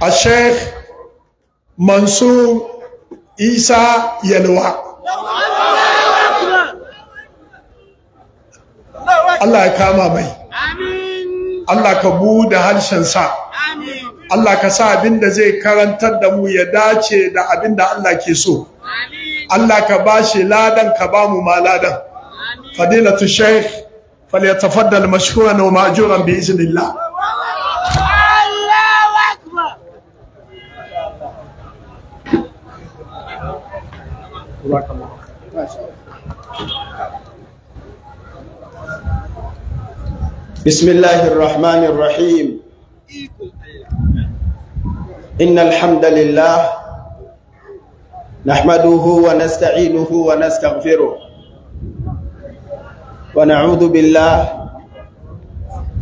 a sheikh mansur isa yalwa Allah ya kama mai Allah ka buɗe sa. Allah ka sa abin da zai karantar da mu ya dace da abin da Allah ke so Allah ka ba shi ladan ka bamu mu ma ladan fadilatu sheikh falyatafaddal mashkuran wa ma'juran bi iznillah جزاك الله خير ما شاء الله بسم الله الرحمن الرحيم إن الحمد لله نحمده ونستعينه ونستغفره ونعوذ بالله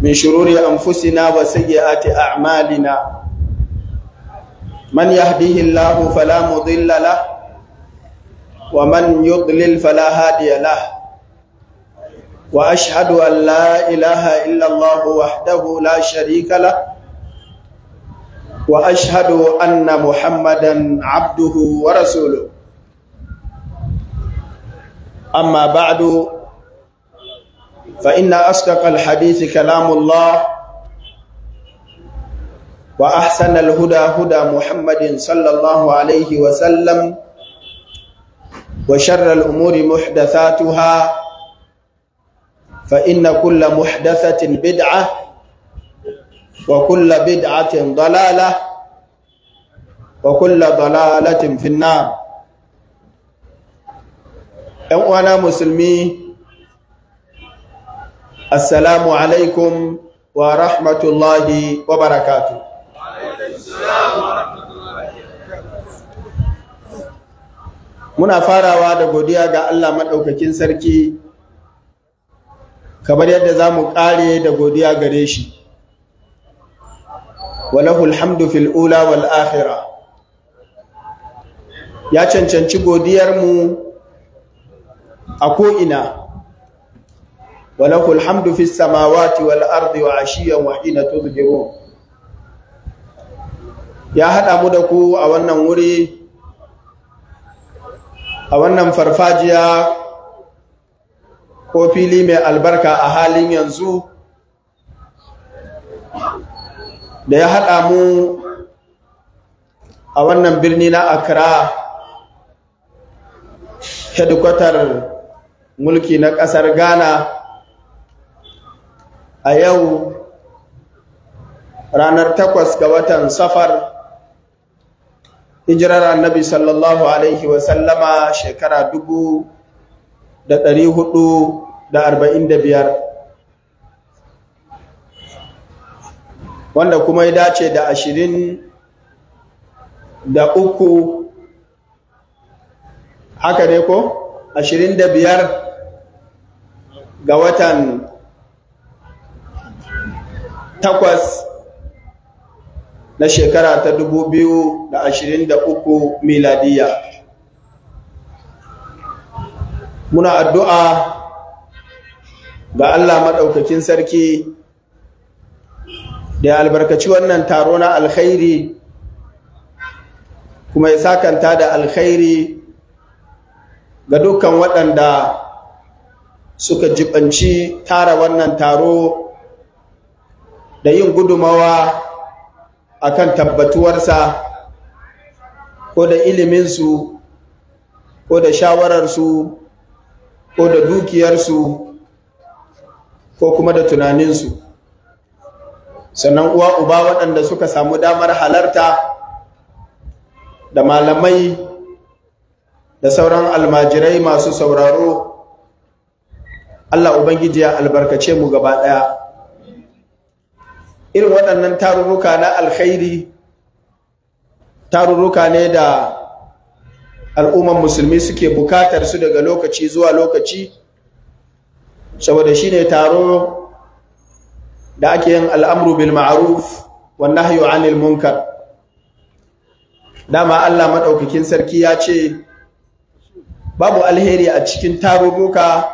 من شرور أنفسنا وسيئات أعمالنا من يهديه الله فلا مضل له ومن يضلل فلا هادي له وأشهد أن لا إله إلا الله وحده لا شريك له وأشهد أن محمدا عبده ورسوله أما بعد فإن أصدق الحديث كلام الله وأحسن الهدى هدى محمد صلى الله عليه وسلم وشر الأمور محدثاتها فإن كل محدثة بدعة وكل بدعة ضلالة وكل ضلالة في النار أنا مسلمي السلام عليكم ورحمة الله وبركاته muna farawa da godiya ga Allah maɗaukakin sarki kamar yadda za mu ƙare da godiya gare shi walahul hamdu fil ula wal akhira ya cancanci godiyarmu a ko'ina walahul hamdu fis samawati wal ardi wa ashiyan wa ina tubdirun ya haɗa mu da ku a wannan wuri a wannan farfajiya ko fili mai albarka a halin yanzu da ya haɗa mu a wannan birni na Accra hedikwatar mulki na ƙasar Ghana a yau ranar takwas ga watan safar hijirar annabi sallallahu alaihi wasallama shekara dubu da ɗari hudu da arba'in da biyar wanda kuma ya dace da ashirin da uku haka ne ko ashirin da biyar ga watan takwas na shekara ta dubu biyu da da ashirin uku miladiya muna addu'a ga Allah maɗaukakin sarki da ya albarkaci wannan taro na alkhairi kuma ya sakanta da alkhairi ga dukkan waɗanda suka jibanci tara wannan taro da yin gudumawa akan tabbatuwarsa ko da iliminsu ko da shawararsu ko da dukiyarsu ko kuma da tunaninsu sannan uwa uba waɗanda suka samu damar halarta da malamai da sauran almajirai masu sauraro Allah Ubangiji ya albarkace mu gaba ɗaya irin waɗannan tarurruka na alkhairi tarurruka ne da al'umman musulmi suke bukatar su daga lokaci zuwa lokaci saboda shine taro da ake yin al'amru bil ma'ruf wan nahyu 'anil munkar dama Allah madaukakin sarki ya ce babu alheri a cikin tarurruka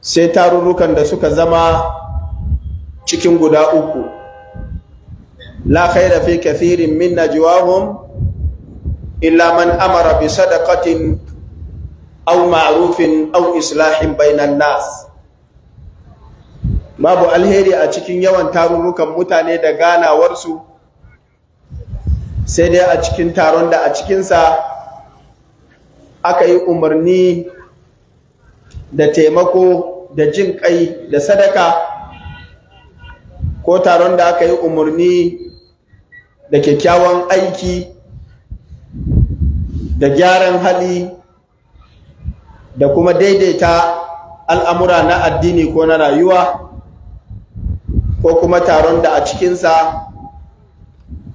sai tarurrukan da suka zama cikin guda uku la khaira fi kathirin min najwahum illa man amara bi sadaqatin aw ma'rufin aw islahin bainan nas babu alheri a cikin yawan tarurrukan mutane da ganawarsu sai dai a cikin taron da a cikinsa aka yi umarni da taimako da jin kai da sadaka ko taron da aka yi umarni da kyakkyawan aiki da gyaran hali da kuma daidaita al'amura na addini ko na rayuwa ko kuma taron da a cikinsa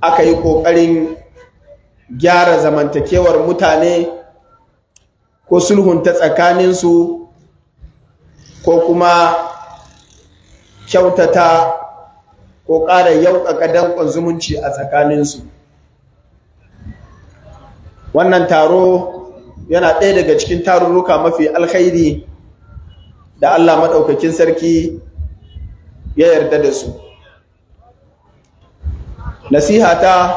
aka yi ƙoƙarin gyara zamantakewar mutane ko sulhunta tsakaninsu ko kuma kyautata ko ƙara yauƙaƙa danƙon zumunci a tsakaninsu wannan taro yana ɗaya daga cikin tarurruka mafi alkhairi da Allah maɗaukakin sarki ya yarda da su nasihata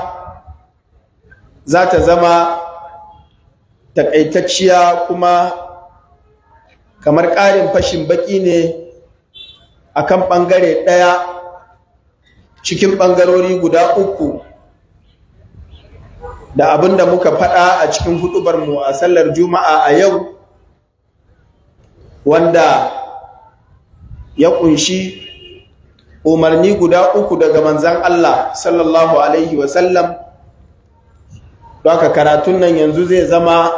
za ta zama takaitacciya kuma kamar ƙarin fashin baƙi ne a kan ɓangare ɗaya cikin ɓangarori guda uku da abin da muka faɗa a cikin mu a sallar juma'a a yau wanda ya ƙunshi umarni guda uku daga manzan Allah sallallahu Alaihi wasallam haka karatun nan yanzu zai zama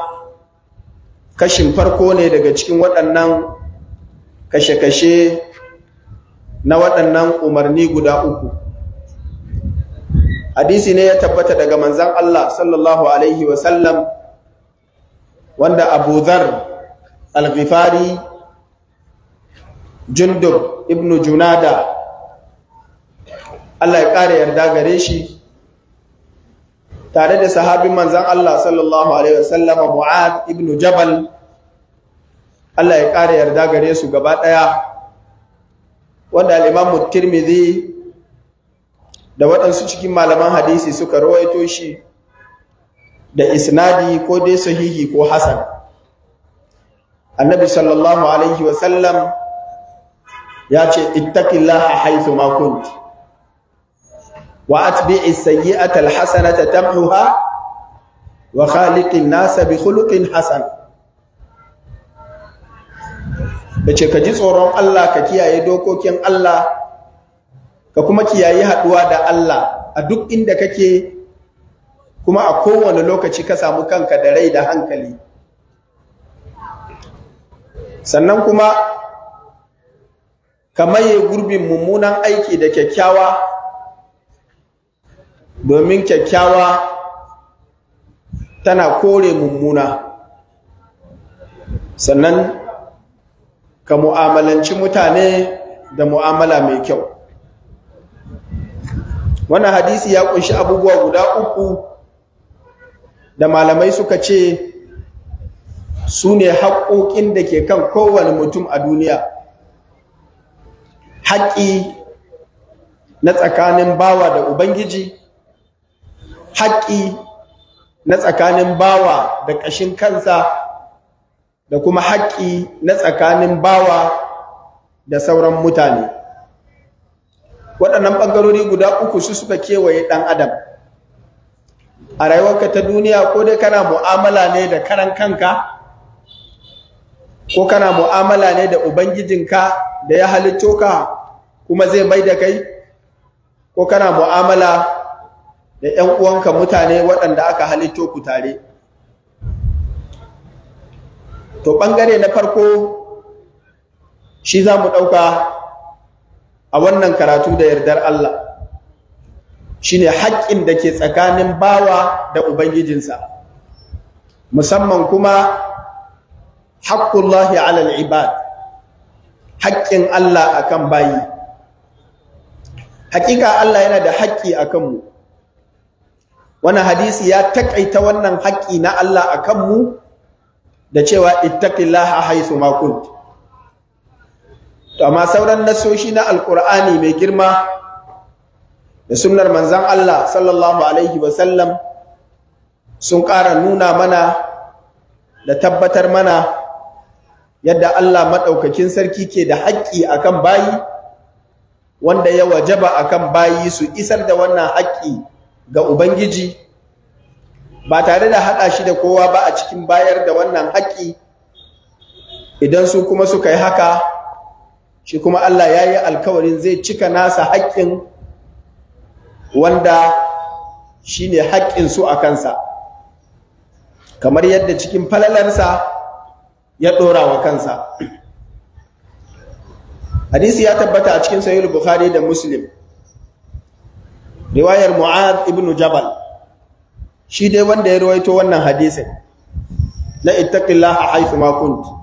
kashin farko ne daga cikin waɗannan kashe-kashe na waɗannan umarni guda uku hadisi ne ya tabbata daga manzan Allah sallallahu alaihi wasallam wanda Abu Dhar al-Ghifari Jundur ibn Junada Allah ya ƙara yarda gare shi tare da sahabin manzan Allah sallallahu alaihi wasallam Mu'ad ibn Jabal Allah ya ƙara yarda gare su gaba ɗaya wanda al Tirmidhi da waɗansu cikin malaman hadisi suka rawaito shi da isnadi ko dai sahihi ko hasan annabi sallallahu alaihi wa sallam ya ce ittaqillaha haythu ma kunt wa atbi'i sayyi'ata alhasanata tamhuha wa khaliqin nasa bi khuluqin hasan ce ka ji tsoron Allah ka kiyaye dokokin Allah ka kuma kiyayi haɗuwa da Allah a duk inda kake kuma a kowane lokaci ka samu kanka da rai da hankali sannan kuma ka maye gurbin mummunan aiki da kyakkyawa domin kyakkyawa tana kore mummuna sannan ka mu'amalanci mutane da mu'amala mai kyau wannan hadisi ya kunshi abubuwa guda uku da malamai suka ce su ne haƙoƙin da ke kan kowane mutum a duniya haƙƙi na tsakanin bawa da ubangiji haƙƙi na tsakanin bawa da ƙashin kansa da kuma haƙƙi na tsakanin bawa da sauran mutane waɗannan ɓangarori guda uku su suka kewaye ɗan adam a rayuwarka ta duniya ko dai kana mu'amala ne da karan kanka ko kana mu'amala ne da ubangijinka da ya halicco ka kuma zai mai da kai ko kana mu'amala da 'yan uwanka mutane waɗanda aka halitto ku tare to ɓangare na farko shi za mu ɗauka a wannan karatu da yardar Allah shine haƙƙin da ke tsakanin bawa da ubangijinsa musamman kuma haqqullahi alal ibad haƙƙin Allah akan bayi hakika Allah yana da haƙƙi akan mu wannan hadisi ya takaita wannan haƙƙi na Allah akan mu da cewa ittaqillaha haythu ma kunt to amma sauran nasoshi na Alƙur'ani mai girma da sunnar manzan Allah sallallahu alaihi wasallam sun ƙara nuna mana da tabbatar mana yadda Allah maɗaukakin sarki ke da haƙƙi akan bayi wanda ya wajaba akan bayi su isar da wannan haƙƙi ga Ubangiji ba tare da haɗa shi da kowa ba a cikin bayar da wannan haƙƙi idan su kuma suka yi haka shi kuma Allah ya yi alkawarin zai cika nasa haƙƙin wanda shi ne haƙƙinsu a kansa kamar yadda cikin falalarsa ya ɗora wa kansa hadisi ya tabbata a cikin sahihul bukhari da muslim riwayar mu'ad ibn jabal shi dai wanda ya rawaito wannan hadisin la ittaqillaha haythu ma kunt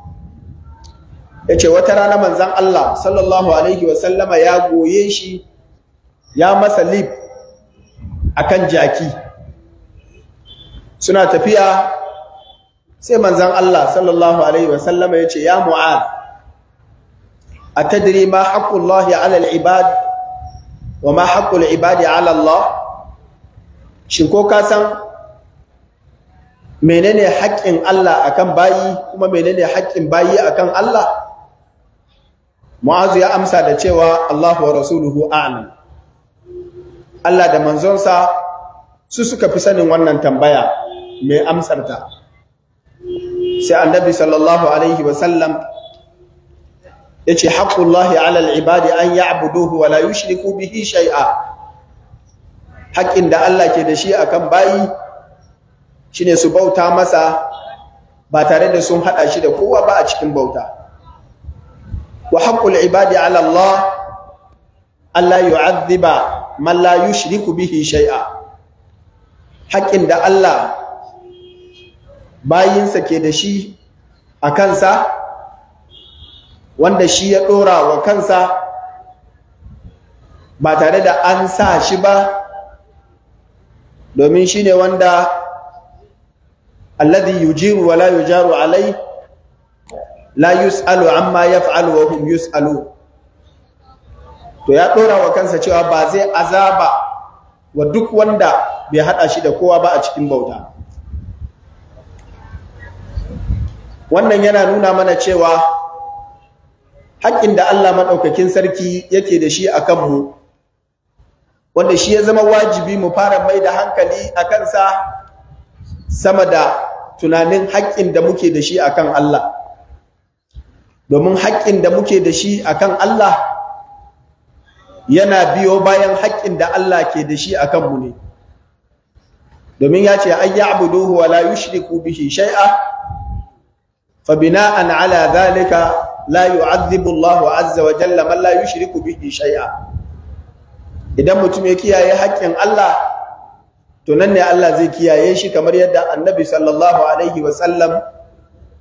yace wata rana manzan Allah sallallahu alaihi wa sallama ya goye shi ya masa lif akan jaki suna tafiya sai manzon Allah sallallahu alaihi wa sallama yace ya mu'ad tadiri ma haqqullahi 'ala alal ibad wa ma haqqul ibadi alallah Allah shin ko ka san menene haƙƙin Allah akan bayi kuma menene haƙƙin bayi akan Allah mu'azu ya amsa da cewa Allahu wa rasuluhu a'lam Allah da manzonsa su suka fi sanin wannan tambaya mai amsarta sai annabi sallallahu alaihi wa sallam yace haqqullahi 'ala al-ibadi an ya'buduhu wa la yushriku bihi shay'a haƙƙin da Allah ke da shi akan bayi shine su bauta masa ba tare da sun hada shi da kowa ba a cikin bauta wa haqqul ibadi ala Allah Allah yu'adhiba man la yushriku bihi shai'a. haƙƙin da Allah bayinsa ke da shi a kansa wanda shi ya ɗora wa kansa ba tare da an sa shi ba domin shi ne wanda alladhi yujiru wala yujaru alai la yus'alu amma yaf'alu wa hum yus'alu to ya dora wa kansa cewa ba zai azaba wa duk wanda bai hada shi da kowa ba a cikin bauta wannan yana nuna mana cewa haƙƙin da Allah Maɗaukakin sarki yake da shi a kanmu, wanda shi ya zama wajibi mu fara mai da hankali a kansa sama da tunanin haƙƙin da muke da shi a kan Allah domin haƙƙin da muke da shi akan Allah yana biyo bayan haƙƙin da Allah ke da shi akan mu ne domin ya ce an ya'buduhu wa la yushriku bihi shai'a, fa bina'an ala zalika la yu'adhibu Allahu azza wa jalla man la yushriku bihi shai'a. idan mutum ya kiyaye haƙƙin Allah to nan ne Allah zai kiyaye shi kamar yadda Annabi sallallahu alaihi wa sallam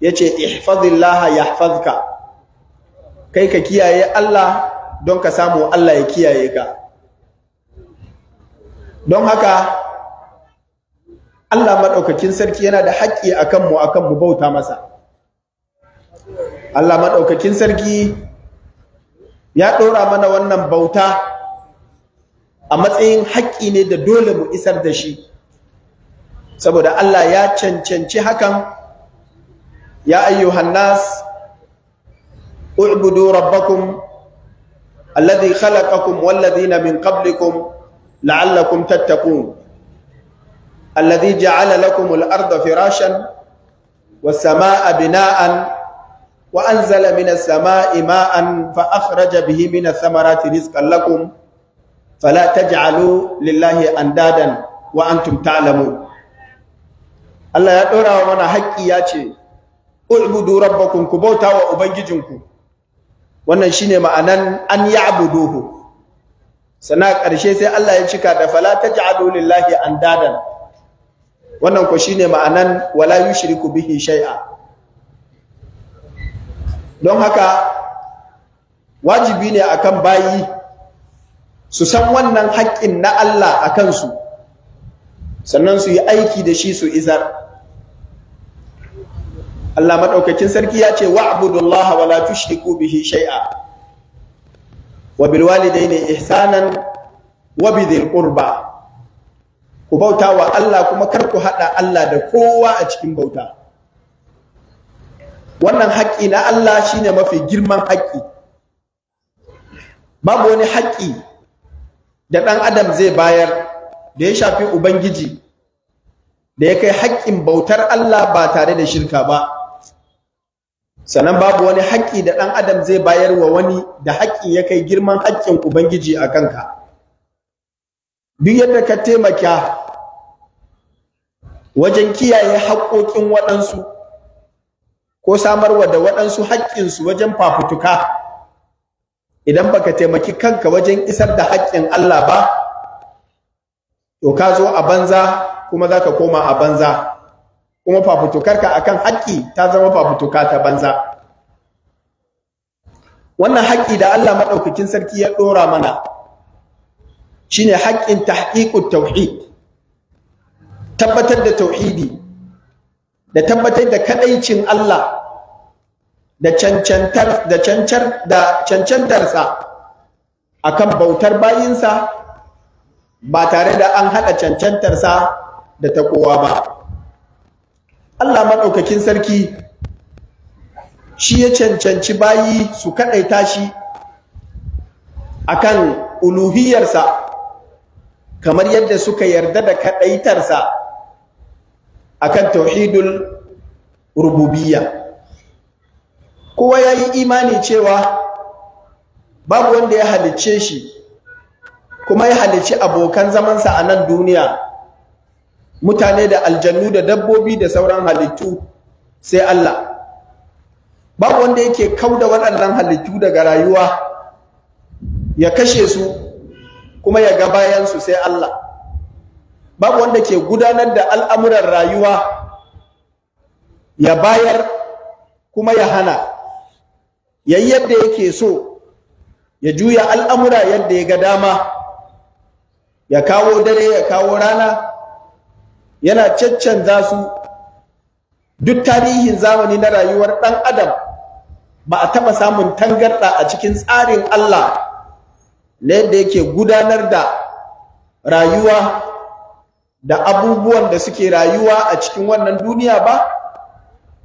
yace ihfazillaha yahfazka kai ka kiyaye Allah don ka samu Allah ya kiyaye ka don haka Allah maɗaukakin sarki yana da haƙƙi a kanmu a kanmu bauta masa Allah maɗaukakin sarki ya ɗora mana wannan bauta a matsayin haƙƙi ne da dole mu isar da shi saboda Allah ya cancanci hakan ya ayyuhan nas اعبدوا ربكم الذي خلقكم والذين من قبلكم لعلكم تتقون الذي جعل لكم الأرض فراشا والسماء بناء وأنزل من السماء ماء فأخرج به من الثمرات رزقا لكم فلا تجعلوا لله أندادا وأنتم تعلمون الله يدور ومن حقي ياتي اعبدوا ربكم كبوتا وأبنججنكم wannan shine ma'anan an ya'buduhu sana ƙarshe sai Allah ya cika da fala taj'alu lillahi andadan wannan ko shine ma'anan wala yushriku bihi shay'a don haka wajibi ne akan bayi su san wannan haƙƙin na Allah a kansu sannan su yi aiki da shi su izar Allah madaukakin sarki ya ce wa'budullaha wala tushriku bihi shay'a wa bil walidayni ihsanan wa bidhil qurba ku bauta wa Allah kuma kar ku hada Allah da kowa a cikin bauta wannan haƙƙi na Allah shine mafi girman haƙƙi babu wani haƙƙi da ɗan adam zai bayar da ya shafi ubangiji da ya kai haƙƙin bautar Allah ba tare da shirka ba sannan babu wani haƙƙi da ɗan adam zai bayar wa wani da haƙƙi ya kai girman haƙƙin ubangiji a kanka duk yadda ka taimaka wajen kiyaye haƙƙoƙin waɗansu ko samarwa da waɗansu haƙƙinsu wajen fafutuka idan baka taimaki kanka wajen isar da haƙƙin Allah ba to ka zo a banza kuma za ka koma a banza kuma fafutukarka akan haƙƙi ta zama fafutuka ta banza wannan haƙƙi da Allah madaukakin sarki ya dora mana shine haƙƙin tahqiqut tauhid tabbatar da tauhidi da tabbatar da kadaicin Allah da cancantar da cancar da cancantarsa akan bautar bayinsa ba tare da an hada cancantarsa da ta kowa ba Allah maɗaukakin sarki shi ya cancanci bayi su kaɗaita shi kan uluhiyarsa kamar yadda suka yarda da kaɗaitarsa kan tauhidul rububiyya kowa ya yi imani cewa babu wanda ya halicce shi kuma ya halicci abokan zamansa a nan duniya mutane da aljannu da dabbobi da sauran halittu sai Allah babu wanda yake da waɗannan halittu daga rayuwa ya kashe su kuma ya ga bayansu sai Allah babu wanda ke gudanar da al'amuran rayuwa ya bayar kuma ya hana ya yi yadda yake so ya juya al'amura yadda ya ga dama ya kawo dare ya kawo rana yana caccanza su duk tarihin zamani na rayuwar ɗan adam ba a taɓa samun tangarɗa a cikin tsarin Allah na yadda yake gudanar da rayuwa da abubuwan da suke rayuwa a cikin wannan duniya ba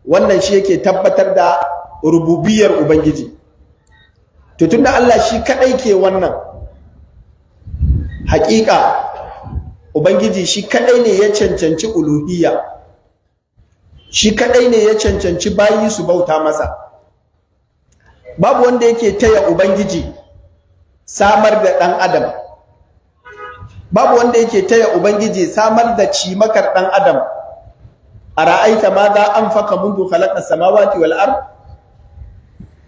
wannan shi yake tabbatar da rububiyar Ubangiji to tunda Allah shi kaɗai ke wannan haƙiƙa ubangiji shi kadai ne ya cancanci uluhiyya shi kadai ne ya cancanci bayi su bauta masa babu wanda yake taya ubangiji samar da dan adam babu wanda yake taya ubangiji samar da cimakar ɗan adam a ra'aita ma za an faka mundu khalaqa samawati wal ard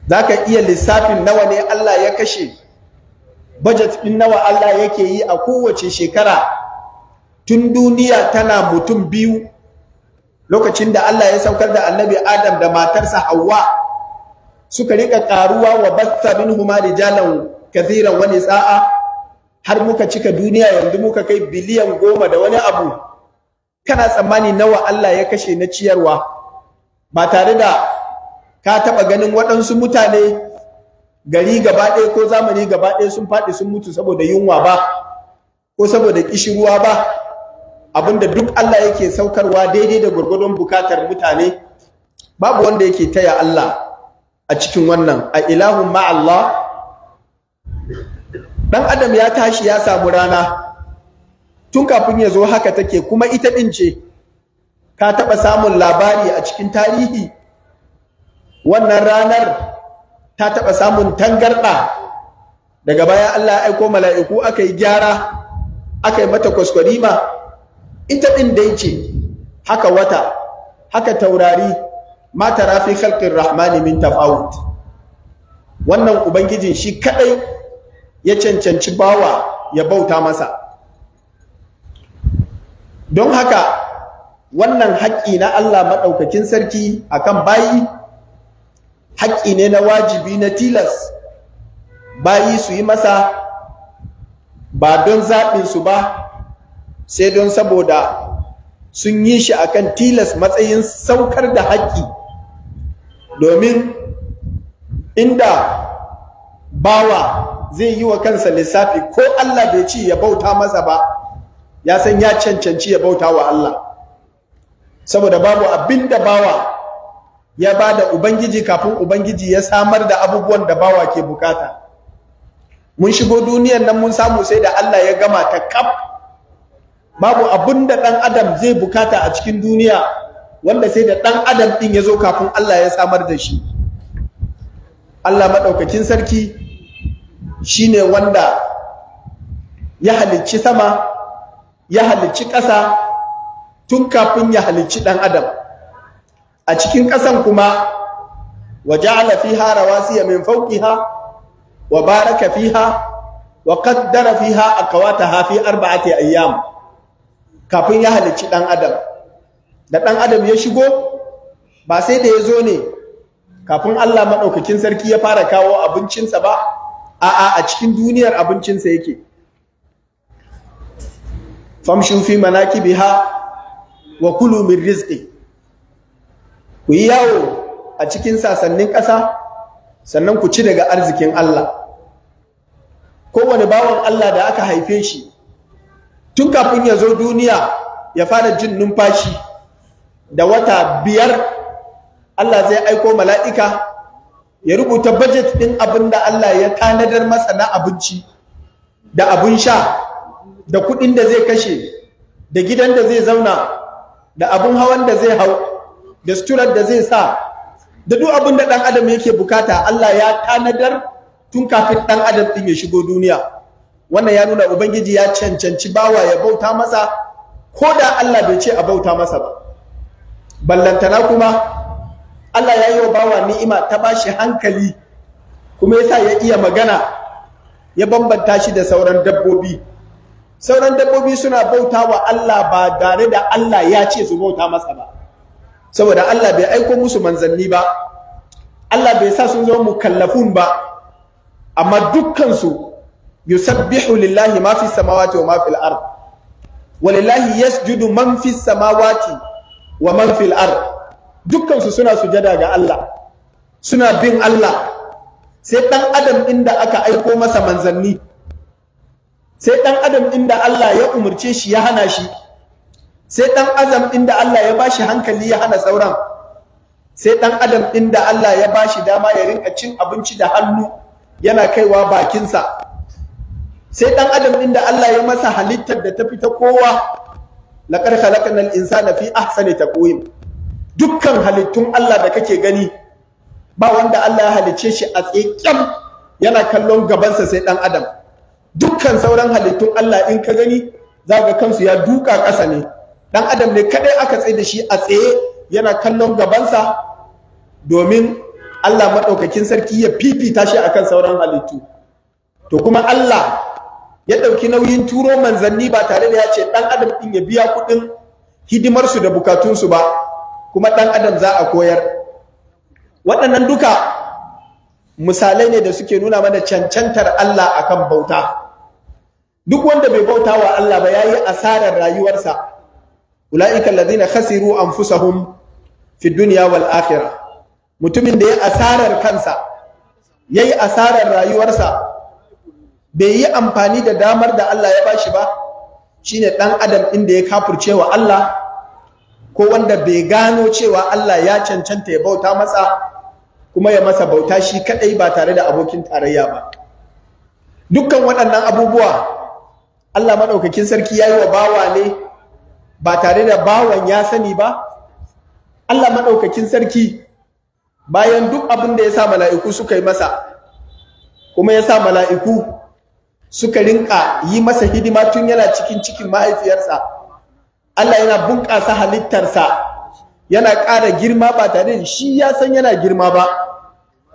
zaka iya lissafin nawa ne Allah ya kashe budget din nawa Allah yake yi a kowace shekara tun duniya tana mutum biyu lokacin da Allah ya saukar da annabi Adam da matarsa Hawwa suka rika ƙaruwa wa batha huma rijalan kathira wa nisaa har muka cika duniya yanzu muka kai biliyan goma da wani abu kana tsammani nawa Allah ya kashe na ciyarwa ba tare da ka taba ganin waɗansu mutane gari gaba ɗaya ko zamani gaba ɗaya sun faɗi sun mutu saboda yunwa ba ko saboda ƙishirwa ba abinda duk Allah yake saukarwa daidai da gurgudun bukatar mutane babu wanda yake taya Allah a cikin wannan a ilahun ma Allah dan adam ya tashi ya samu rana tun kafin ya zo haka take kuma ita din ce ka taba samun labari a cikin tarihi wannan ranar ta taɓa samun tangarɗa? daga baya Allah ya aiko mala'iku aka yi gyara aka yi mata kwaskwarima ita ɗin dai ce haka wata haka taurari ma ta rafi halkin rahmani min tafawut wannan ubangijin shi kaɗai ya cancanci bawa ya bauta masa don haka wannan haƙƙi na Allah maɗaukakin sarki akan bayi haƙƙi ne na wajibi na tilas bayi su yi masa ba don zaɓinsu ba sai don saboda sun yi shi akan tilas matsayin saukar da haƙƙi domin inda bawa zai yi wa kansa lissafi ko Allah bai ci ya bauta masa ba ya san ya cancanci ya bauta wa Allah saboda babu abin da bawa ya ba da Ubangiji kafin Ubangiji ya samar da abubuwan da bawa ke bukata mun shigo duniyan nan mun samu sai da Allah ya gama ta kaf babu abin da ɗan adam zai bukata a cikin duniya wanda sai da ɗan adam ɗin ya zo kafin Allah ya samar da shi Allah maɗaukakin sarki shi ne wanda ya halicci sama ya halicci ƙasa tun kafin ya halicci ɗan adam a cikin ƙasan kuma waja'ala fiha rawasiya min fauƙiha wa baraka fiha wa qaddara fiha aqwataha fi arba'ati ayyam kafin ya halicci ɗan adam da ɗan adam ya shigo ba sai da ya zo ne kafin Allah maɗaukakin sarki ya fara kawo abincinsa ba a'a a cikin duniyar abincinsa yake famshin fi manakibiha wa kulu min rizqi ku yawo a cikin sasannin ƙasa sannan ku ci daga arzikin Allah kowane bawan Allah da aka haife shi tun kafin ya zo duniya ya fara jin numfashi da wata biyar Allah zai aiko mala'ika ya rubuta budget ɗin abin da Allah ya tanadar masa na abinci da abin sha da kuɗin da zai kashe da gidan da zai zauna da abin hawan da zai hau da suturar da zai sa da duk abin da ɗan adam yake bukata Allah ya tanadar tun kafin ɗan adam ɗin ya shigo duniya wannan ya nuna ubangiji ya cancanci bawa ya bauta masa ko da Allah bai ce a bauta masa ba ballantana kuma Allah ya yi wa bawa ni'ima ta bashi hankali kuma yasa ya iya magana ya bambanta shi da sauran dabbobi sauran dabbobi suna bauta wa Allah ba tare da Allah ya ce su bauta masa ba saboda Allah bai aiko musu manzanni ba Allah bai sa sun zama mukallafun ba amma dukkansu yusabbihu lillahi ma fi samawati wa ma fil ard walillahi yasjudu man fi samawati wa man fil ard suna sujada ga Allah suna bin Allah sai dan adam inda aka aiko masa manzanni sai dan adam inda Allah ya umarce shi ya hana shi sai dan azam inda Allah ya bashi hankali ya hana sauran sai ɗan adam inda Allah ya bashi dama ya rinka cin abinci da hannu yana kaiwa bakinsa sai dan adam din da Allah ya masa halittar da ta fi ta kowa laqad al insana fi ahsani taqwim dukkan halittun Allah da kake gani ba wanda Allah ya halicce shi a tsekyam yana kallon gabansa sai dan adam dukkan sauran halittun Allah in ka gani zaka kansu ya duka ƙasa ne dan adam ne kadai aka tsaye da shi a tsaye yana kallon gabansa domin Allah maɗaukakin sarki ya fifita shi akan sauran halittu to kuma Allah ya ɗauki nauyin turo manzanni ba tare da ya ce ɗan adam ɗin ya biya kuɗin hidimarsu da bukatunsu ba kuma ɗan adam za a koyar waɗannan duka misalai ne da suke nuna mana cancantar Allah akan bauta duk wanda bai bauta wa Allah ba yayi asarar rayuwarsa ulaika alladhina khasiru anfusahum fi dunya wal akhirah mutumin da ya asarar kansa yayi asarar rayuwarsa bai yi amfani da damar da Allah ya bashi ba Shi ne ɗan adam inda ya kafurce wa Allah ko wanda bai gano cewa Allah ya cancanta ya bauta masa kuma ya masa bauta shi kadai ba tare da abokin tarayya ba dukkan waɗannan abubuwa Allah maɗaukakin sarki ya yi wa bawa ne ba tare da bawan ya sani ba Allah maɗaukakin sarki bayan duk abin da ya sa mala'iku suka yi masa kuma ya sa mala'iku suka rinka yi masa hidima tun yana cikin cikin mahaifiyarsa Allah yana bunƙasa halittarsa yana ƙara girma ba tare da shi ya san yana girma ba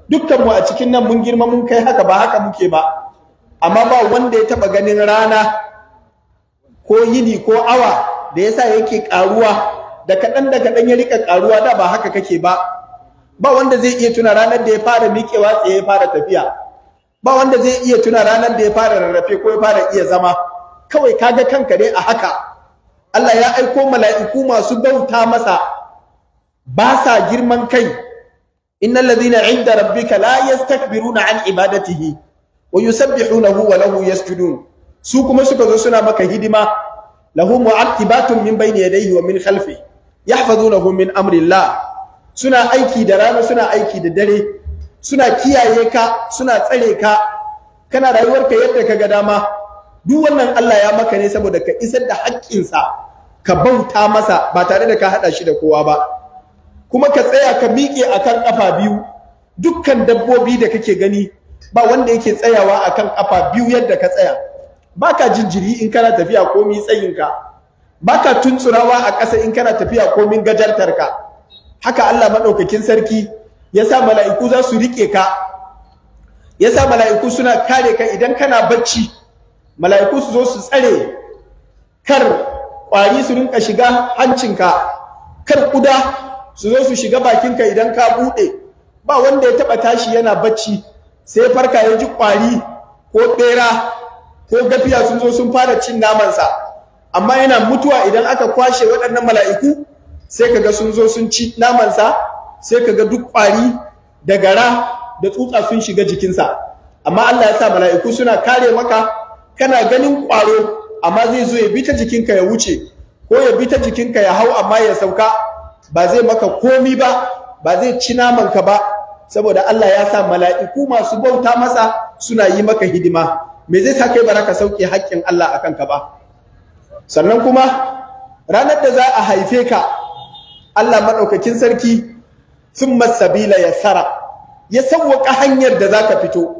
dukkan mu a cikin nan mun girma mun kai haka ba haka muke ba amma ba wanda ya taba ganin rana ko yini ko awa da yasa yake ƙaruwa da kaɗan da kaɗan ya rika ƙaruwa da ba haka kake ba ba wanda zai iya tuna ranar da ya fara miƙewa tsaye ya fara tafiya ba wanda zai iya tuna ranar da ya fara rarrafe ko ya fara iya zama kawai kaga kanka ne a haka Allah ya aiko mala'iku masu bauta masa ba sa girman kai innal ladina 'inda rabbika la yastakbiruna an ibadatihi wa yusabbihunahu wa lahu yasjudun su kuma suka zo suna maka hidima lahu mu'aqibatun min bayni yadayhi wa min khalfi yahfazunahu min amrillah suna aiki da rana suna aiki da dare suna kiyaye ka suna tsare ka kana rayuwarka yadda ka ga dama duk wannan Allah ya maka ne saboda ka isar da haƙƙinsa ka bauta masa ba tare da ka haɗa shi da kowa ba kuma ka tsaya ka miƙe akan ƙafa biyu dukkan dabbobi da kake gani ba wanda yake tsayawa akan ƙafa biyu yadda ka tsaya baka jinjiri in kana tafiya komi tsayinka baka tuntsurawa a ƙasa in kana tafiya komin gajartarka haka Allah maɗaukakin sarki yasa mala'iku za su rike ka yasa mala'iku suna kare ka idan kana bacci mala'iku su zo su tsare kar kwari su rinka shiga hancinka kar kuda su zo su shiga bakinka idan ka bude ba wanda ya taba tashi yana bacci sai farka ya ji kwari ko bera ko gafiya sun zo sun fara cin namansa amma yana mutuwa idan aka kwashe waɗannan mala'iku sai kaga sun zo sun ci namansa sai kaga duk ƙwari da gara da tsutsa sun shiga jikinsa amma Allah ya sa mala'iku suna kare maka kana ganin ƙwaro, amma zai zo ya bi ta jikinka ya wuce ko ya bi ta jikinka ya hau amma ya sauka ba zai maka komi ba ba zai ci naman ka ba saboda Allah ya sa mala'iku masu bauta masa suna yi maka hidima me zai sa kai baraka sauke haƙƙin Allah akan ka ba sannan kuma ranar da za a haife ka Allah maɗaukakin sarki Tummas sabila ya sara, ya sawwaka hanyar da za ka fito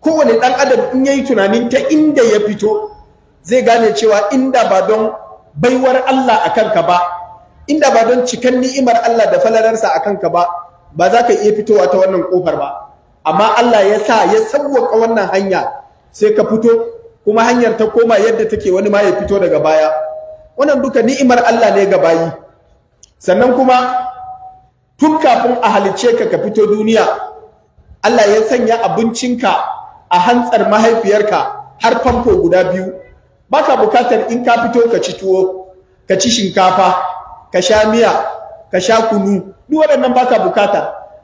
kowane ɗan adam in yayi tunanin ta inda ya fito zai gane cewa inda ba don baiwar Allah a kanka ba inda ba don cikan ni'imar Allah da falararsa a kanka ba ba za ka iya fitowa ta wannan kofar ba amma Allah ya sa ya sawwaka wannan hanya sai ka fito kuma hanyar ta koma yadda take wani ma ya fito daga baya wannan duka ni'imar Allah ne ga bayi sannan kuma tun kafin a halicce ka ka fito duniya Allah ya sanya abincinka a hantsar mahaifiyarka har famfo guda biyu baka bukatar in ka fito ka ci tuwo ka ci shinkafa ka sha miya ka sha kunu duk waɗannan baka bukata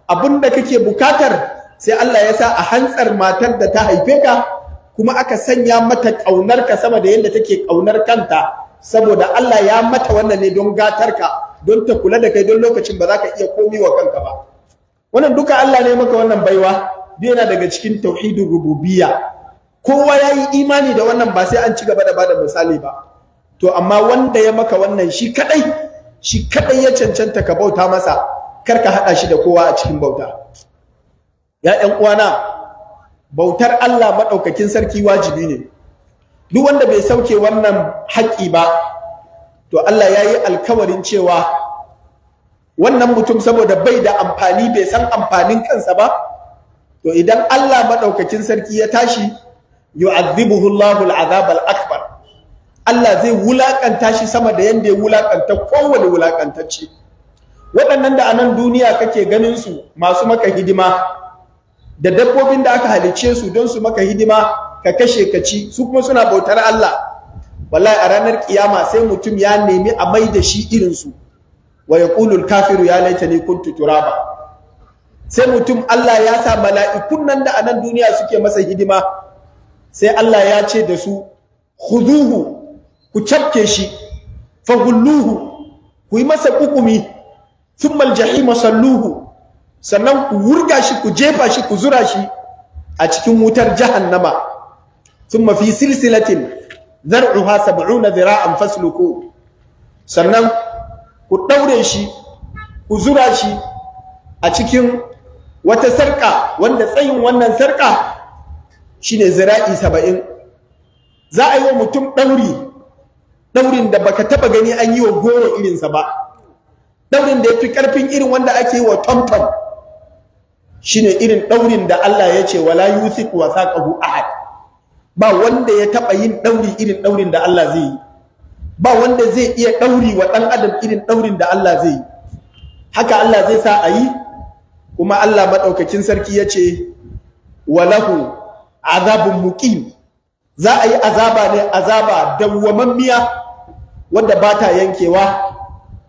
da kake bukatar sai Allah ya sa a hantsar matar da ta haife ka kuma aka sanya mata ƙaunarka ka sama da yadda take ƙaunar kanta saboda Allah ya mata wannan ne don gatar ka don ta kula da kai don lokacin ba za ka iya komi wa kanka ba wannan duka Allah ne maka wannan baiwa duk yana daga cikin tauhidin rububiyya kowa ya yi imani da wannan ba sai an ci gaba da bada misali ba to amma wanda ya maka wannan shi kadai shi kadai ya cancanta ka bauta masa kar ka hada shi da kowa a cikin bauta ya ƴan uwana bautar Allah madaukakin sarki wajibi ne duk wanda bai sauke wannan haƙi ba to Allah ya yi alkawarin cewa wannan mutum saboda bai da amfani bai san amfanin kansa ba to idan Allah maɗaukakin sarki ya tashi yu'adhibuhu Allahu al al'akbar Allah zai wulakanta shi sama da yanda ya wulakanta kowane wulakantacce waɗannan da a nan duniya kake ganin su masu maka hidima da dabbobin da aka halicce su don su maka hidima ka kashe ka ci su kuma suna bautar Allah wallahi a ranar kiyama sai mutum ya nemi a mai da shi irin su wa ƙulul kafiru ya ne kuntu turaba sai mutum Allah ya sa mala'ikun nan da anan duniya suke masa hidima sai Allah ya ce da su khuduhu ku cafke shi fagulluhu ku yi masa kukumi thumma aljahima salluhu sannan ku wurga shi ku jefa shi ku zura shi a cikin wutar jahannama thumma fi silsilatin zar'uha sab'una dhira'an fasluku sannan ku daure shi ku zura shi a cikin wata sarka wanda tsayin wannan sarka shine zira'i saba'in za a yi wa mutum dauri daurin da baka taba gani an yi wa goro irinsa ba daurin da yafi karfin irin wanda ake yi wa tomtom shine irin daurin da Allah ya ce wala wasa wasaqahu ahad ba wanda ya taɓa yin ɗauri irin ɗaurin da Allah zai ba wanda zai iya ɗauri wa ɗan adam irin ɗaurin da Allah zai yi haka Allah zai sa ayi kuma Allah maɗaukakin sarki ya ce walahu azabun muqim za a yi azaba ne azaba miya wanda ba ta yankewa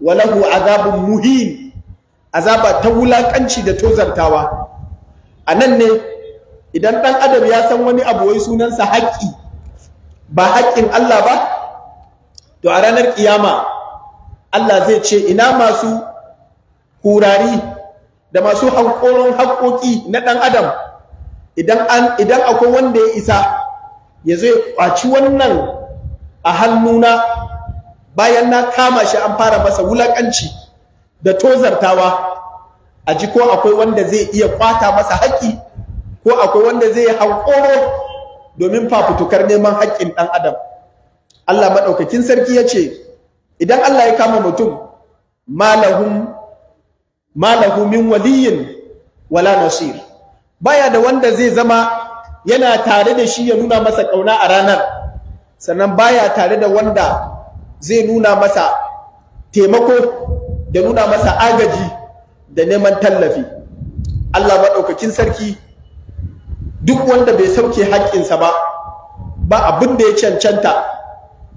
walahu azabun muhim azaba ta wulaƙanci da tozartawa a nan ne idan ɗan adam ya san wani abu wai sunansa haƙƙi ba haƙƙin Allah ba to a ranar kiyama Allah zai ce ina masu kurari da masu hankoron haƙoƙi na ɗan adam idan an idan akwai wanda ya isa ya zo ya kwaci wannan a hannuna bayan na kama shi an fara masa wulaƙanci da tozartawa a ji ko akwai wanda zai iya kwata masa haƙƙi ko akwai wanda zai hankoro domin fafutukar neman haƙƙin ɗan adam Allah maɗaukakin sarki ya ce idan Allah ya kama mutum malahum malahu min waliyin wala nasir baya da wanda zai zama yana tare da shi ya nuna masa ƙauna a ranar sannan baya tare da wanda zai nuna masa taimako da nuna masa agaji da neman tallafi Allah maɗaukakin sarki duk wanda bai sauke haƙƙinsa ba ba abin da ya cancanta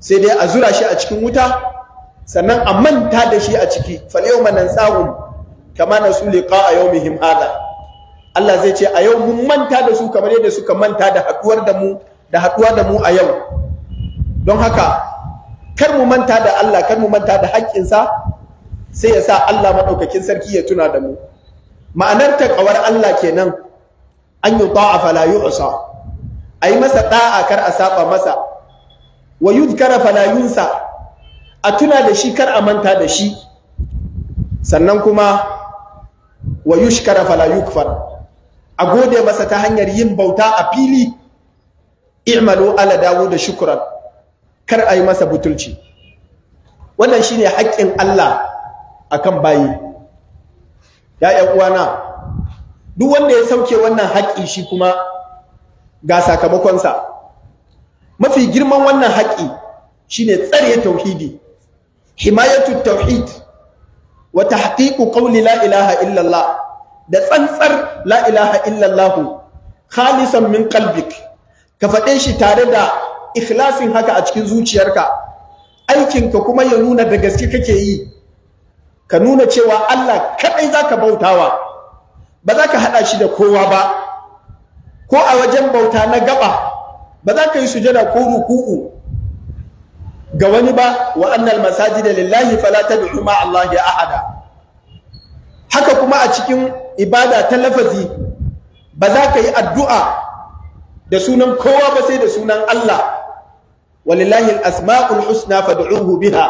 sai dai a zura shi a cikin wuta sannan a manta da shi a ciki manan tsawon kama a yau yawmihim haɗa Allah zai ce a yau mun manta da su kamar yadda suka manta da haɗuwar da mu da haɗuwa da mu a yau don haka kar mu manta da Allah kar mu manta da haƙƙinsa sai ya sa Allah maɗaukakin sarki ya tuna da mu ma'anar ƙawar Allah kenan an yi ta'a fala a yi masa ɗa'a kar a saba masa wa yudkara fala yunsa a tuna da shi kar a manta da shi sannan kuma wa yushkara fala yukfar a gode masa ta hanyar yin bauta a fili i'malu ala da shukran kar a yi masa butulci wannan shine haƙƙin Allah akan bayi ya ƴan uwana duk wanda ya sauke wannan haƙƙi shi kuma ga sakamakonsa mafi girman wannan haƙƙi shine tsare tauhidi himayatu tauhid wa tahqiqu qawli la ilaha illallah da tsantsar la ilaha illallah khalisan min qalbik ka faɗe shi tare da ikhlasin haka a cikin zuciyarka aikinka kuma ya nuna da gaske kake yi ka nuna cewa Allah kadai zaka bautawa ba za ka haɗa shi da kowa ba ko a wajen bauta na gaba ba za ka yi sujada ko ruku'u ga wani ba wa annal masajid lillahi fala tad'u ma Allahi ahada haka kuma a cikin ibada ta lafazi ba za ka yi addu'a da sunan kowa ba sai da sunan Allah walillahi al-asma'ul husna fad'uhu biha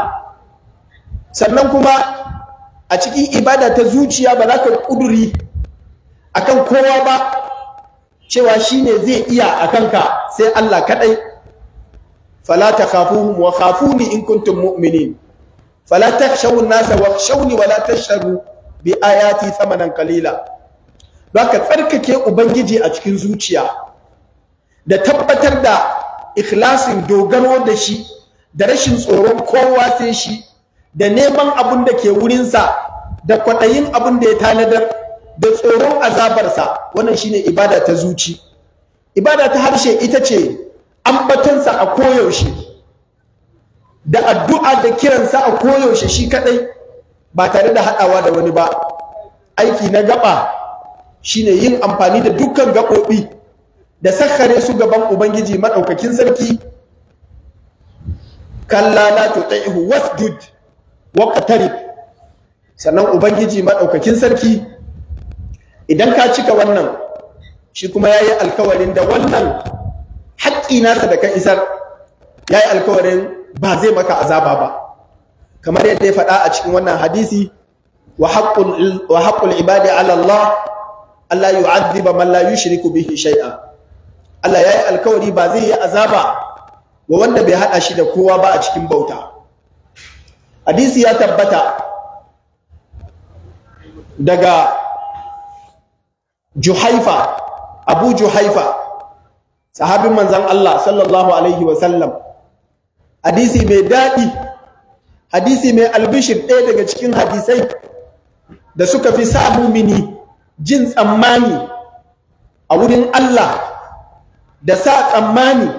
sannan kuma a cikin ibada ta zuciya ba za ka ƙuduri akan kowa ba cewa shi ne zai iya akanka kanka sai Allah kadai fala takhafuhum wa khafuni in kuntum mu'minin fala takhshawun nasa wa khshawni wa la tashtaru bi ayati thamanan qalila baka tsarkake ubangiji a cikin zuciya da tabbatar da ikhlasin dogaro da shi da rashin tsoron kowa sai shi da neman abin da ke wurinsa da kwaɗayin abin da ya tanadar da tsoron azabarsa wannan shine ibada ta zuci ibada ta harshe ita ce ambatansa a koyaushe da addu'a da kiransa a koyaushe shi kadai ba tare da hadawa da wani ba aiki na gaba shine yin amfani da dukkan gaɓoɓi da sakkare su gaban ubangiji maɗaukakin sarki kalla la tuti'hu wasjud waqtarib sannan ubangiji maɗaukakin sarki idan ka cika wannan shi kuma ya yi alkawarin da wannan haƙƙi nasa da kan isar ya yi alkawarin ba zai maka azaba ba kamar yadda ya faɗa a cikin wannan hadisi wa haƙƙul ibadi ala Allah Allah ba mallayu la yushriku bihi shai'a Allah ya yi alkawari ba zai yi azaba wa wanda bai haɗa shi da kowa ba a cikin bauta hadisi ya tabbata daga juhaifa abu juhaifa sahabin manzan Allah sallallahu alaihi wasallam hadisi mai daɗi hadisi mai albishir ɗaya daga cikin hadisai da suka fi sa mumini jin tsammani a wurin Allah da sa tsammani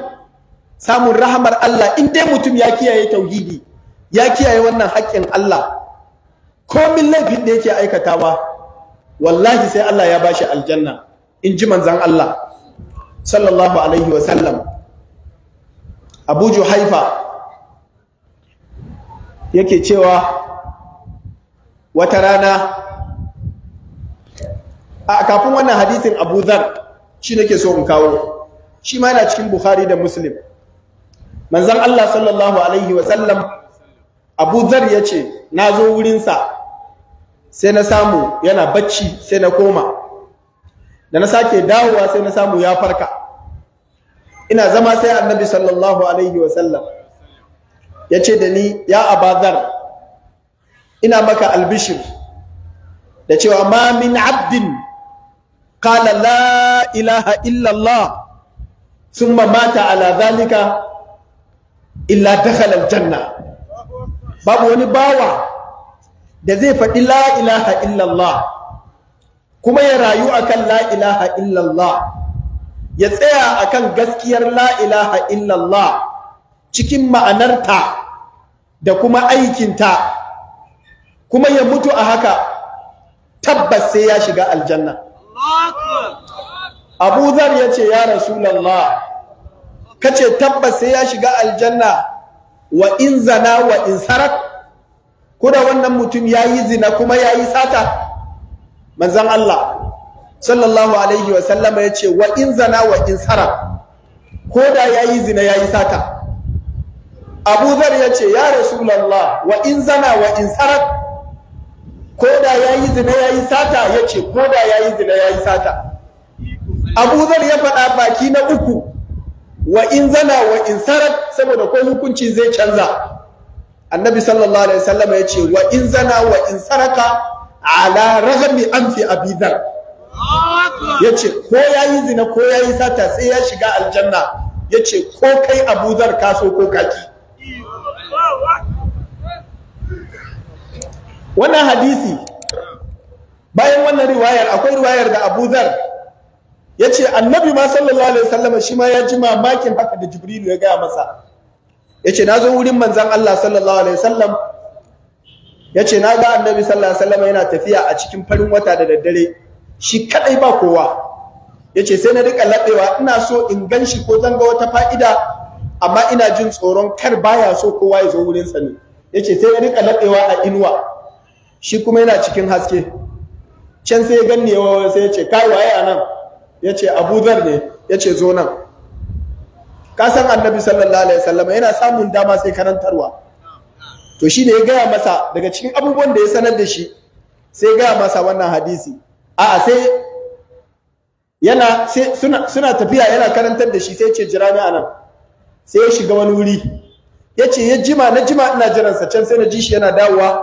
samun rahamar Allah in dai mutum ya kiyaye tauhidi ya kiyaye wannan haƙƙin Allah komin laifin da yake aikatawa wallahi sai Allah ya bashi aljanna in ji manzan Allah sallallahu alaihi wasallam abu juhaifa yake cewa wata rana a kafin wannan hadisin abu zar shi nake so in kawo shi ma yana cikin bukhari da muslim manzan Allah sallallahu alaihi wasallam abu zar ya ce na zo wurinsa sai na samu yana bacci sai na koma da na sake dawowa sai na samu ya farka ina zama sai annabi sallallahu alaihi wasallam ya ce da ni ya abazar ina maka albishir da cewa ma min abdin qala la ilaha illallah thumma mata ala zalika illa dakhala aljanna babu wani bawa da zai faɗi lailaha illallah kuma ya rayu akan lailaha illallah ya tsaya akan gaskiyar lailaha illallah cikin ma'anarta da kuma aikinta kuma ya mutu a haka tabbas sai ya shiga aljanna abu zar ya ce ya rasulallah ka ce tabbas sai ya shiga aljanna wa in zana wa in sarak ko da wannan mutum ya yi zina kuma ya yi sata manzan Allah sallallahu alaihi wasallama ya ce wa in zana wa in sara ko da ya yi zina ya yi sata abu zar ya ce ya rasulallah wa in zana wa in sara ko da ya yi zina ya yi sata ya ce ko da ya yi zina ya yi sata abu zar ya faɗa baki na uku wa in zana wa in sarat saboda ko hukunci zai canza annabi sallallahu alaihi wasallam ya ce wa in zana wa in saraka ala ragami anfi abidar ya ce ko ya yi zina ko ya yi sata sai ya shiga aljanna ya ce ko kai abuzar kaso ko kaki wannan hadisi bayan wannan riwayar akwai riwayar da abuzar ya ce annabi ma sallallahu alaihi wasallam shi ma ya ji mamakin haka da jibrilu ya gaya masa yace na zo wurin manzon Allah sallallahu alaihi wasallam yace na ga annabi sallallahu alaihi wasallam yana tafiya a cikin farin wata da daddare shi kadai ba kowa yace sai na rika labewa ina so in gan shi ko zan ga wata fa'ida amma ina jin tsoron kar baya so kowa ya zo wurin sa ne yace sai na rika labewa a inuwa shi kuma yana cikin haske can sai ya ganni sai yace kai waye anan yace Abu ne yace zo nan kasan annabi sallallahu alaihi wasallam yana samun dama sai karantarwa to shi ya gaya masa daga cikin abubuwan da ya sanar da shi sai gaya masa wannan hadisi a'a sai yana sai suna suna tafiya yana karantar da shi sai ce jira ni anan sai ya shiga wani wuri ya ce ya jima na jima ina jiransa can sai na ji shi yana dawowa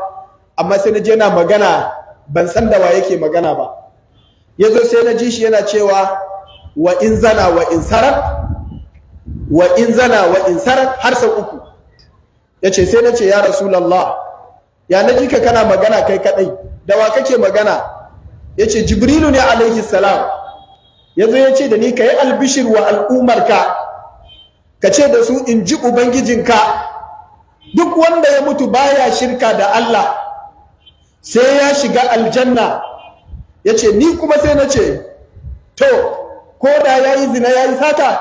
amma sai na je yana magana ban san da wa yake magana ba ya zo sai na ji shi yana cewa wa in zana wa in sarar wa in zana wa in sarar har sau uku ya ce sai na ce ya rasulallah ya na jika kana magana kai kadai da wa kake magana ya ce jibrilu ne alaihi salam ya zo ya ce da ni ka yi albishir wa al'umarka ka ce da su in ji ubangijinka duk wanda ya mutu baya shirka da Allah sai ya shiga aljanna ya ce ni kuma sai na ce to ko da ya yi zina ya yi sata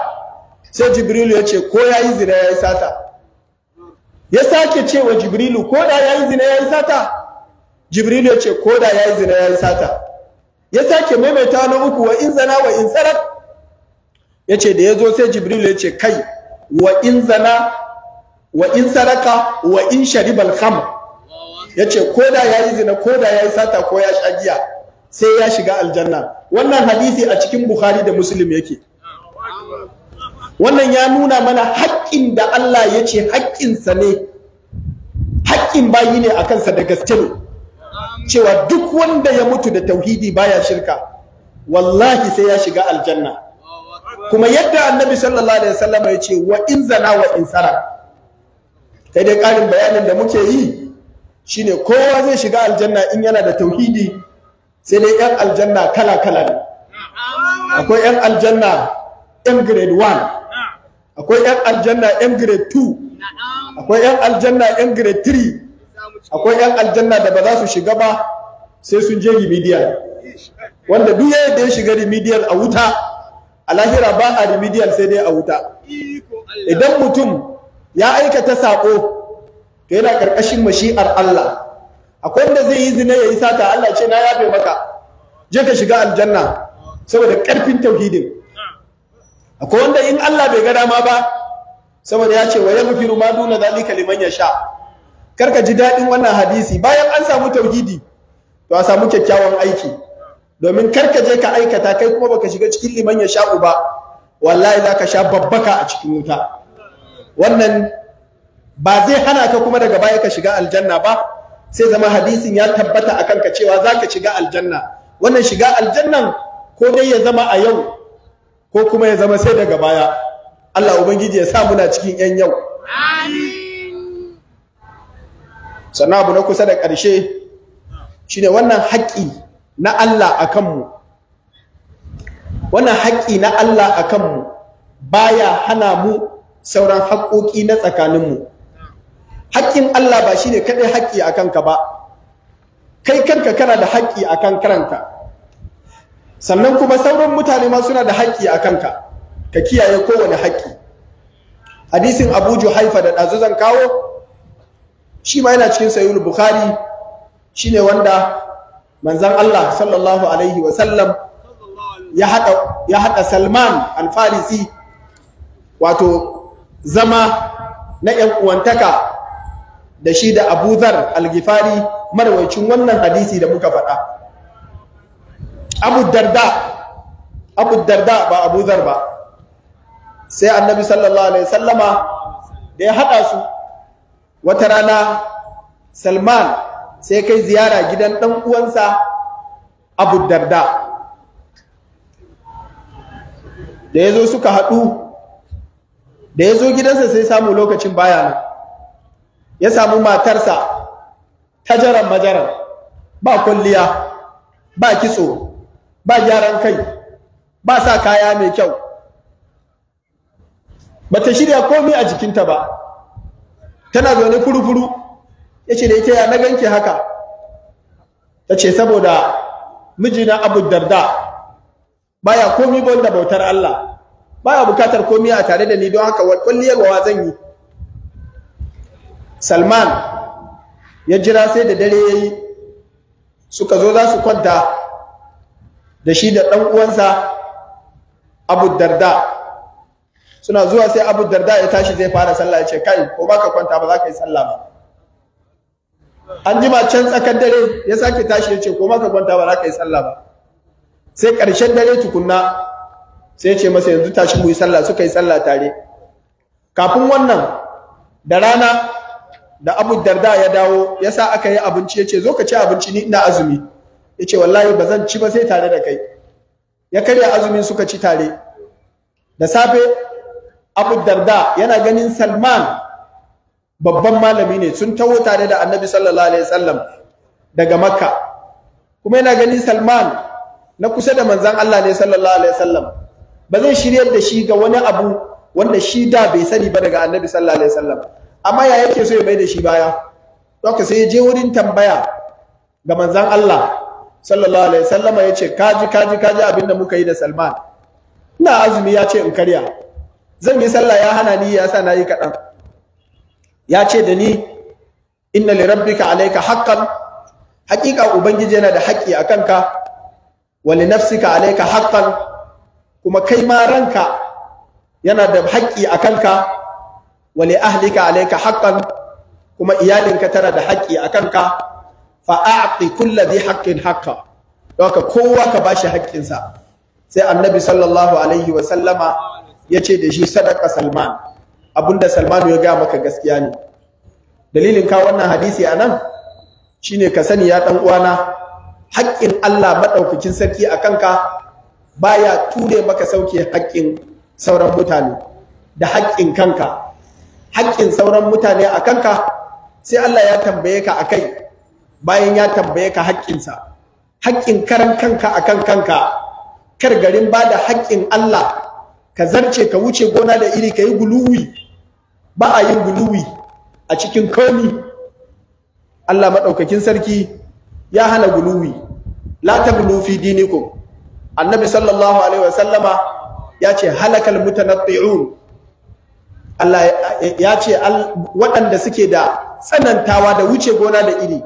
sai jibrilu ya ce ko ya yi zina ya yi sata ya sake cewa jibrilu ko da ya yi zina ya yi sata jibrilu ya ce ko da ya yi zina ya yi sata ya sake maimaita na uku wa in zana wa in tsarar ya ce da ya zo sai jibrilu ya ce kai wa in zana wa in saraka wa in sharibal khamr ya ce ko da ya yi zina ko da ya yi sata ko ya sha giya sai ya shiga aljanna wannan hadisi a cikin bukhari da muslim yake wannan ya nuna mana haƙƙin da Allah ya ce haƙƙinsa ne haƙƙin bayi ne a kansa da gaske ne cewa duk wanda ya mutu da tauhidi baya shirka wallahi sai ya shiga aljanna kuma yadda annabi sallallahu alaihi wasallam ya ce wa in zana wa in sara kai dai ƙarin bayanin da muke yi shine kowa zai shiga aljanna in yana da tauhidi sai dai yan aljanna kala kala ne akwai yan aljanna yan grade 1 akwai yan aljanna yan grade 2 akwai yan aljanna yan grade 3 akwai yan aljanna da ba za su shiga ba sai sun je remedial wanda duk yayin da ya shiga remedial a wuta a lahira ba a remedial sai dai a wuta idan mutum ya aikata saƙo, to yana karkashin mashi'ar Allah akwai wanda zai yi zina yi sata Allah ce na yafe maka je ka shiga aljanna saboda ƙarfin tauhidin akwai wanda in Allah bai ga dama ba saboda ya ce wa ya mafi ruma duna zalika liman ya yasha karka ji daɗin wannan hadisi bayan an samu tauhidi to a samu kyakkyawan aiki domin karka je ka aikata kai kuma baka shiga cikin liman yasha ba wallahi zaka sha babbaka a cikin wuta wannan ba zai hana ka kuma daga baya ka shiga aljanna ba sai zama hadisin ya tabbata akan ka cewa zaka shiga aljanna wannan shiga aljannan ko dai ya zama a yau ko kuma ya zama sai daga baya Allah ubangiji ya sa muna cikin yan yau amin sannan abu na kusa da ƙarshe shine wannan haƙƙi na Allah akan mu wannan haƙƙi na Allah akan mu baya hana mu sauran haƙoƙi na tsakaninmu haƙƙin Allah ba shine kaɗai haƙƙi akan ka ba kai kanka kana da haƙƙi akan karanka sannan kuma sauran mutane ma suna da haƙƙi a kanka ka kiyaye kowane haƙƙi hadisin abu juhaifa da ɗazu zan kawo shi ma yana cikin sayul bukhari shi ne wanda manzan allah sallallahu alaihi wasallam ya haɗa salman alfarisi wato zama na ‘yan uwantaka da shi da abu zar algifari marwaicin wannan hadisi da muka faɗa abu darda abu darda ba abu zar ba sai annabi sallallahu alaihi sallama da ya haɗa su wata rana salman sai kai ziyara gidan ɗan uwansa abu darda da ya zo suka haɗu da ya zo gidansa sai samu lokacin baya ya samu matarsa ta tajaran majaran ba kwalliya ba kitso ba gyaran kai ba sa kaya mai kyau ba ta shirya komai a jikinta ba tana zaune furufuru, ya ce da ita ya na ganke haka ta ce saboda mijina abu darda baya komi ba wanda bautar Allah baya bukatar komi a tare da ni don haka wa zan yi salman ya jira sai da dare ya yi suka zo za su kwanta da shi da ɗan uwansa abu darda suna zuwa sai abu darda ya tashi zai fara sallah ya ce kai ko ba ka kwanta ba za ka yi sallah ba an jima can tsakar dare ya sake tashi ya ce ko ma ka kwanta ba za ka yi sallah ba sai ƙarshen dare tukunna sai ce masa yanzu tashi mu yi sallah suka yi sallah tare kafin wannan da rana da abu darda ya dawo ya sa aka yi abinci ya ce zo ka ci abinci ni ina azumi ya ce wallahi ba zan ci ba sai tare da kai ya karya azumin suka ci tare da safe abu darda yana ganin salman babban malami ne sun taho tare da annabi sallallahu alaihi wasallam daga makka kuma yana ganin salman na kusa da manzan allah ne sallallahu alaihi wasallam ba zai shiryar da shi ga wani abu wanda shi da bai sani ba daga annabi sallallahu alaihi wasallam amma ya yake so ya bai da shi baya to sai ya je wurin tambaya ga manzan allah sallallahu alaihi sallama ya ce kaji kaji kaji abinda muka yi da salman ina azumi ya ce in karya zan yi sallah ya hana ni ya sa na yi kaɗan ya ce da ni inna li rabbika alaika haqqan haƙiƙa ubangiji yana da haƙƙi a kanka wa li nafsika alaika haqqan kuma kai ma ranka yana da haƙƙi a kanka wa li ahlika alaika haqqan kuma iyalinka tana da haƙƙi a kanka fa'a'ti kulli zai haqqin haqqa doka kowa ka ba shi haƙƙinsa sai annabi sallallahu alaihi wa sallama ce da shi sadaka salman abinda salman ya ga maka gaskiya ne dalilin ka wannan hadisi anan ne ka sani ya ɗan’uwana, uwana haƙƙin Allah maɗaukakin sarki kanka ba baya ture maka sauke haƙƙin sauran mutane da haƙƙin kanka haƙƙin sauran mutane a kanka, sai Allah ya tambaye ka a kai. bayan ya tambaye ka haƙƙinsa haƙƙin karan kanka kan kanka kar garin ba da haƙƙin Allah ka zarce ka wuce gona da iri ka yi guluwi ba a yin guluwi a cikin komi Allah maɗaukakin sarki ya hana guluwi la ta fi dinikum annabi sallallahu alaihi wasallama ya ce halakal mutanatti'un Allah ya ce waɗanda suke da tsanantawa da wuce gona da iri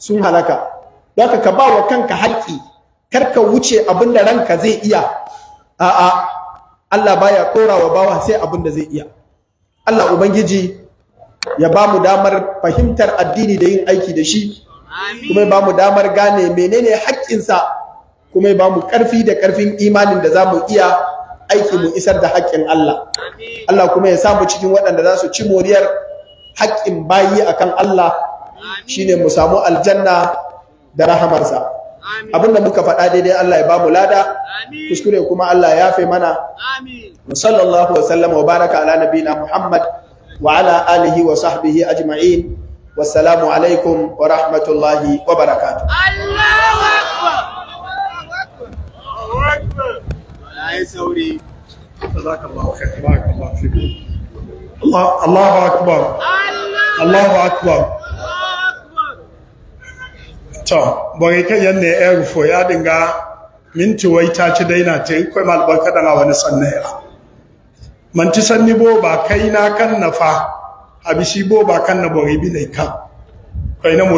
sun halaka zaka ka ba wa kanka haƙƙi kar ka wuce abin da ranka zai iya a'a Allah baya kora wa bawa sai abin da zai iya Allah ubangiji ya ba mu damar fahimtar addini da yin aiki da shi kuma ba mu damar gane menene haƙƙinsa kuma ba mu ƙarfi da ƙarfin imanin da za mu iya aiki mu isar da haƙƙin Allah Allah kuma ya samu cikin waɗanda za su ci moriyar haƙƙin bayi akan Allah shine mu samu aljanna da rahamarsa abinda muka faɗa daidai Allah ya bamu lada kuskure kuma Allah ya fe mana Amin. sallallahu wa sallama wa baraka ala nabina Muhammad wa ala alihi wa sahbihi ajma'in wassalamu alaikum wa rahmatullahi wa barakatuh Allahu akbar Allahu akbar ya sauri jazakallahu khair barakallahu fikum الله الله أكبر الله to bari kan yanne ya rufo ya dinga minti wai ta ci daina ta yi kwai kaɗan dana wani sannaya manci sanni bo ba kai na kan nafa abishi bo ba kan na bori bi ne ka kai na